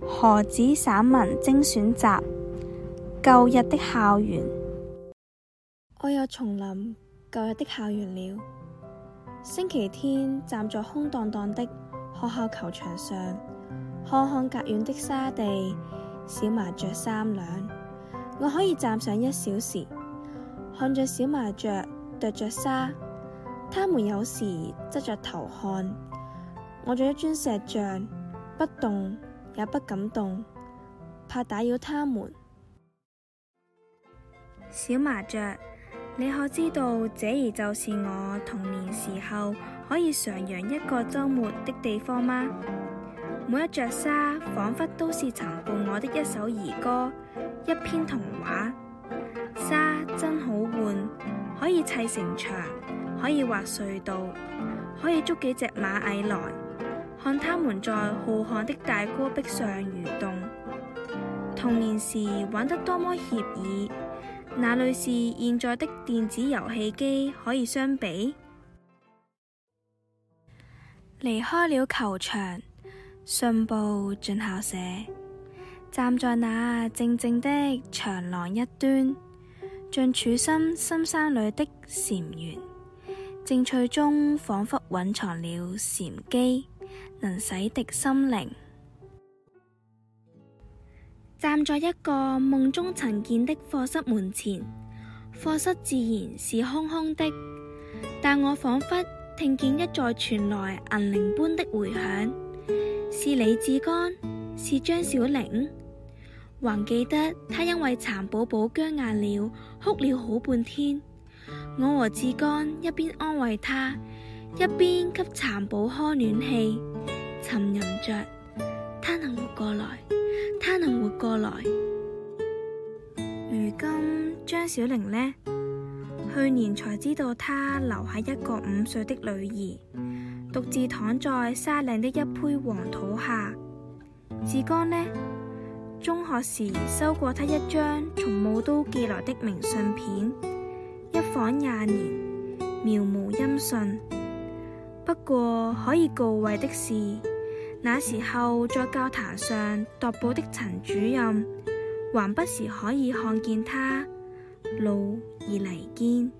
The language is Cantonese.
何紫散文精選集。舊日的校園。我又重臨舊日的校園了。星期天站在空蕩蕩的學校球場上，看看隔遠的沙地小麻雀三兩，我可以站上一小時，看着小麻雀，啄着沙。他們有時側着頭看我，像一尊石像不動。也不敢動，怕打擾他們。小麻雀，你可知道，這兒就是我童年時候可以徜徉一個周末的地方嗎？每一粒沙仿佛都是曾伴我的一首兒歌，一篇童話。沙真好玩，可以砌城牆，可以畫隧道，可以捉幾隻螞蟻來。看他們在浩瀚的大戈壁上蠕動，童年時玩得多麼愜意。哪裏是現在的電子遊戲機可以相比？離開了球場，信步進校舍，站在那靜靜的長廊一端，像處身深山裏的禪園，正趣中仿佛蘊藏了禪機。能洗滌心靈。站在一個夢中曾見的課室門前，課室自然是空空的，但我仿佛聽見一再傳來銀鈴般的回響。是李志剛，是張小玲。還記得他因為蠶寶寶僵硬了，哭了好半天。我和志剛一邊安慰他。一邊給蠶寶開暖氣，沉吟着：他能活過來，他能活過來。如今張小玲呢？去年才知道她留下一個五歲的女兒，獨自躺在沙嶺的一抔黃土下。志剛呢？中學時收過他一張從霧都寄來的明信片，一晃廿年，渺無音訊。不過可以告慰的是，那時候在教壇上踱步的陳主任，還不時可以看見他老而彌堅。